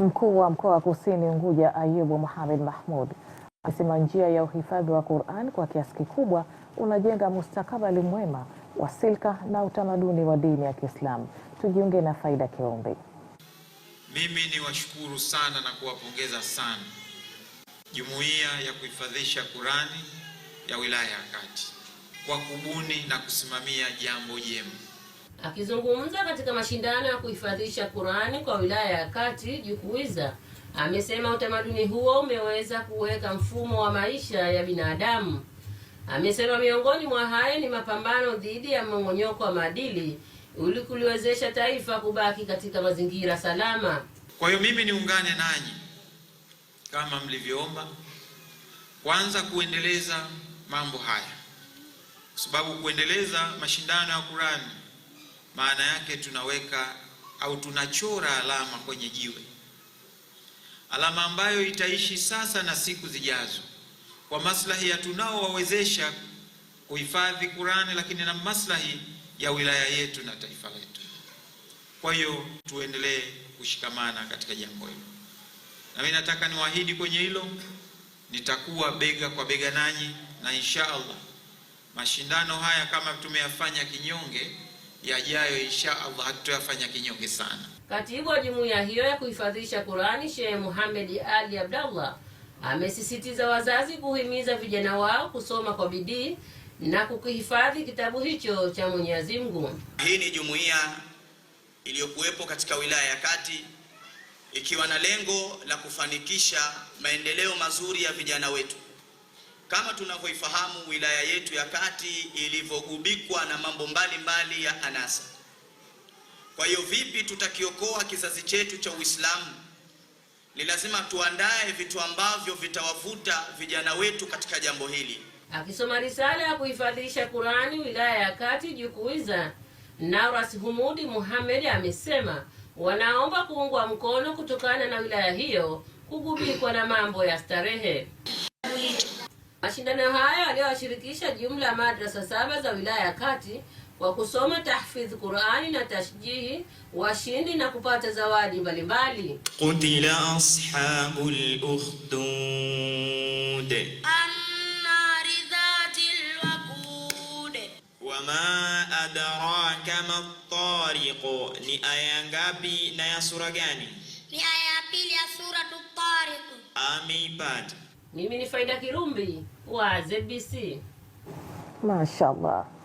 Mkuu wa mkoa wa Kusini Unguja Ayubu Mohamed Mahmud amesema njia ya uhifadhi wa Qur'an kwa kiasi kikubwa unajenga mustakabali mwema wa silka na utamaduni wa dini ya Kiislamu. Tujiunge na Faida Kiombe. Mimi ni washukuru sana na kuwapongeza sana jumuiya ya kuhifadhisha Qur'ani ya wilaya ya Kati kwa kubuni na kusimamia jambo jema. Akizungumza katika mashindano ya kuhifadhisha Qur'ani kwa wilaya ya Kati JUKUWIZA amesema utamaduni huo umeweza kuweka mfumo wa maisha ya binadamu. Amesema miongoni mwa hayo ni mapambano dhidi ya mmong'onyoko wa maadili ili kuliwezesha taifa kubaki katika mazingira salama. Kwa hiyo mimi niungane nanyi kama mlivyoomba, kwanza kuendeleza mambo haya, kwa sababu kuendeleza mashindano ya Qur'ani maana yake tunaweka au tunachora alama kwenye jiwe, alama ambayo itaishi sasa na siku zijazo, kwa maslahi ya tunaowawezesha kuhifadhi Qur'ani, lakini na maslahi ya wilaya yetu na taifa letu. Kwa hiyo tuendelee kushikamana katika jambo hilo, na mimi nataka niwaahidi kwenye hilo, nitakuwa bega kwa bega nanyi, na insha Allah mashindano haya kama tumeyafanya kinyonge yajayo insha Allah hatutayafanya kinyonge sana. Katibu wa jumuiya hiyo ya kuhifadhisha Qur'ani, Sheikh Muhammad Ali Abdallah amesisitiza wazazi kuhimiza vijana wao kusoma kwa bidii na kukihifadhi kitabu hicho cha Mwenyezi Mungu. Hii ni jumuiya iliyokuwepo katika wilaya ya Kati ikiwa na lengo la kufanikisha maendeleo mazuri ya vijana wetu. Kama tunavyoifahamu wilaya yetu ya Kati ilivyogubikwa na mambo mbalimbali mbali ya anasa. Kwa hiyo vipi tutakiokoa kizazi chetu cha Uislamu? Ni lazima tuandae vitu ambavyo vitawavuta vijana wetu katika jambo hili. Akisoma risala ya kuhifadhisha Qur'ani wilaya ya Kati jukuiza Nauras Humudi Muhammad amesema wanaomba kuungwa mkono kutokana na wilaya hiyo kugubikwa na mambo ya starehe. Mashindano hayo yaliyowashirikisha jumla ya madrasa saba za wilaya ya Kati kwa kusoma tahfidh Qur'ani na tashjihi, washindi na kupata zawadi mbalimbali. Qutila ashabul ukhdud annari dhatil waqud wama adraka mattariq. Ni aya ngapi na ya sura gani? Ni aya pili ya sura Tariq. Ameipata mimi ni Faida Kirumbi wa ZBC. mashallah